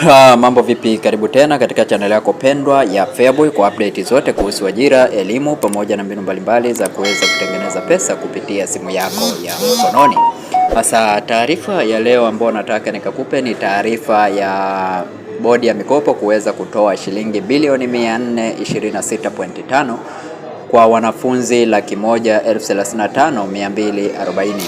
Ha, mambo vipi? Karibu tena katika chaneli yako pendwa ya Feaboy kwa update zote kuhusu ajira, elimu pamoja na mbinu mbalimbali za kuweza kutengeneza pesa kupitia simu yako ya mkononi. Sasa taarifa ya leo ambayo nataka nikakupe ni taarifa ya bodi ya mikopo kuweza kutoa shilingi bilioni 426.5 kwa wanafunzi laki moja elfu thelathini na tano mia mbili arobaini.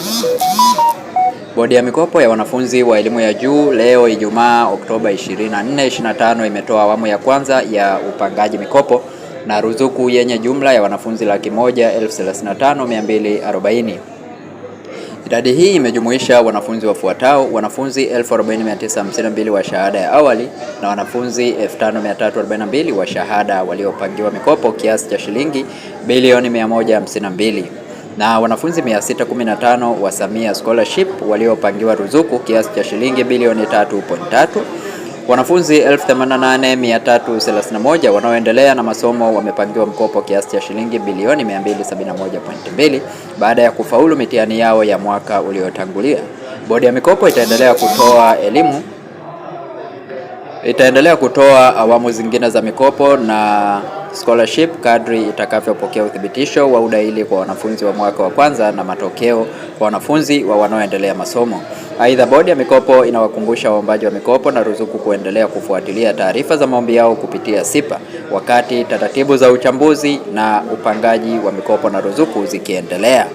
Bodi ya mikopo ya wanafunzi wa elimu ya juu leo Ijumaa Oktoba 24, 25 imetoa awamu ya kwanza ya upangaji mikopo na ruzuku yenye jumla ya wanafunzi laki moja elfu thelathini na tano mia mbili arobaini. Idadi hii imejumuisha wanafunzi wafuatao: wanafunzi 40952 wa shahada ya awali na wanafunzi 5342 wa shahada waliopangiwa mikopo kiasi cha shilingi bilioni 152 na wanafunzi 615 wa Samia Scholarship waliopangiwa ruzuku kiasi cha shilingi bilioni 3.3 Wanafunzi 88331 wanaoendelea na masomo wamepangiwa mkopo kiasi cha shilingi bilioni 271.2 baada ya kufaulu mitihani yao ya mwaka uliotangulia. Bodi ya mikopo itaendelea kutoa elimu itaendelea kutoa awamu zingine za mikopo na scholarship kadri itakavyopokea uthibitisho wa udahili kwa wanafunzi wa mwaka wa kwanza na matokeo kwa wanafunzi wa wanaoendelea masomo. Aidha, bodi ya mikopo inawakumbusha waombaji wa mikopo na ruzuku kuendelea kufuatilia taarifa za maombi yao kupitia SIPA wakati taratibu za uchambuzi na upangaji wa mikopo na ruzuku zikiendelea.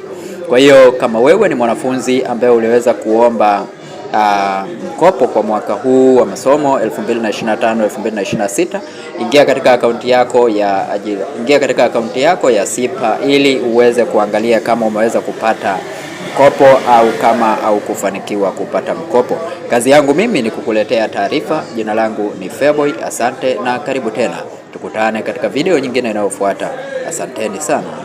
Kwa hiyo kama wewe ni mwanafunzi ambaye uliweza kuomba mkopo ah, kwa mwaka huu wa masomo 2025 2026, ingia katika akaunti yako ya ajira, ingia katika akaunti yako ya SIPA ili uweze kuangalia kama umeweza kupata mkopo au kama au kufanikiwa kupata mkopo. Kazi yangu mimi ni kukuletea taarifa. Jina langu ni Feaboy, asante na karibu tena. Tukutane katika video nyingine inayofuata. Asanteni sana.